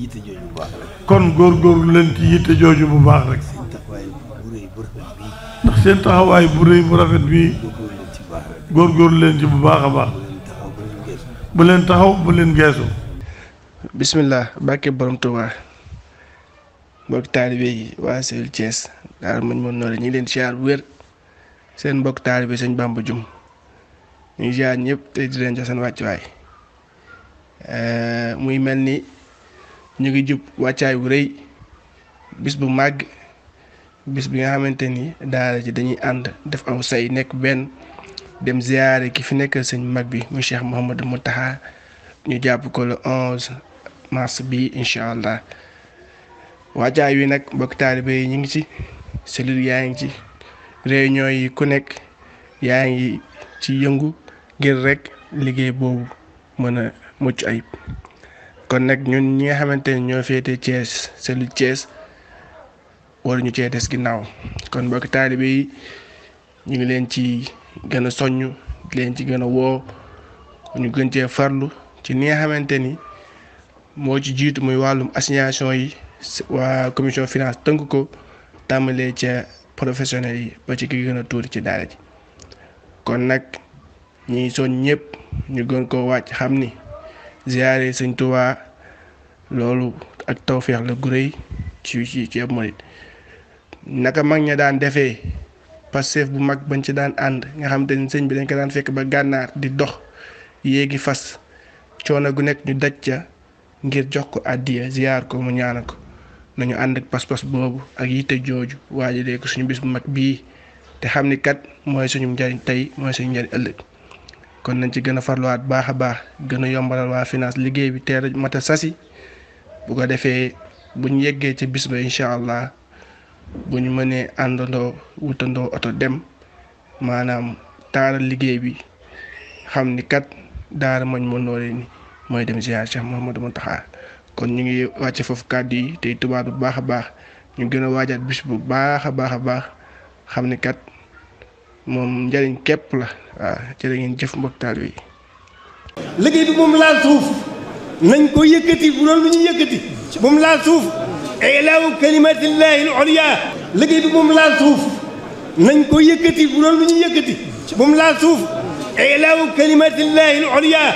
yitte jooju bu kon góorgóorlu leen ci yitte jooju bu baax rek. ndax seen taxawaay bu rëy bu rafet bii. góorgóorlu leen ci bu baax a baax. bu leen taxaw bu leen geesu. bisimilah bàkke borom Tuuba mbokk taalibe yi waa Cellule Thiès daal man ma noonu la ñu ngi leen siyaar bu wér seen mbokk taalibe sëñ Bamba Jum ñu ngi siyaar ñëpp te di leen jox seen wàccuwaay eh, muy mel ni ñu ngi jub wàccaay wu rëy bis bu màgg bis bi nga xamante ni daara ji dañuy ànd def aw say nekk benn dem ziyaare ki fi nekkal seen mag bi mu Cheikh mu Mountakha ñu jàpp ko le 11 mars bi incha allah wàccaay wi nag mbokk taalibe ñu ngi ci cellule yaa ngi ci réunion yi ku nekk yaa ngi ci yëngu ngir rek liggéey boobu mën a mucc ayib kon nag ñun ñi nga xamante ne ñoo féete Thiès cellule Thiès waruñu cee des ginnaaw kon mbokk taalibe yi ñu ngi leen ci gën a soññ di leen ci gën a woo ñu gën cee farlu ci ni nga xamante ni moo ci jiitu muy wàllum assignation yi waa commission finance tënk ko tàmbalee ca professionnels yi ba ci ki gën a tuuti ci daara ji kon nag ñiy soñ ñëpp ñu gën koo wàcc xam ni. ziaré seigne touba lolu ak tawfiq le gu reuy ci ci ci am mouride naka mag ña daan defé passef bu mag bañ ci daan and nga xam tane seigne bi dañ ko daan fekk ba gannar di dox yegi fas ciona gu nek ñu ca ngir jox ko adiya ziar ko mu ñaan ko nañu and ak pass pass bobu ak yité joju waji de ko suñu bis bu mag bi te xamni kat moy suñu njariñ tay moy suñu njariñ ëlëk kon nañ ci gën a farluwaat baax a baax gën a yombalal waa finance liggéey bi teel a sasi bu ko defee buñ yeggee ca bisma ba allah bu ñu mënee àndandoo wutandoo oto dem maanaam taaral liggéey bi xam ni kat daara mañ ma nooree ni mooy dem ziar Cheikh Mouhamadou Mountakha kon ñu ngi wàcce foofu kàddu yi tey tubaab bu baax a baax ñu gën a waajaat bis bu baax a baax a baax xam ni kat. moom njëriñ képp la waaw jërë ngeen jëf mbokk bi. liggéey bi moom laal suuf nañ ko yëkkati bu doon lu ñu yëkkati moom laal suuf ilaawu kalimatillahi al-ulya liggéey bi moom laal suuf nañ ko yëkkati bu doon lu ñu yëkkati moom laal suuf ilaawu kalimatillahi al-ulya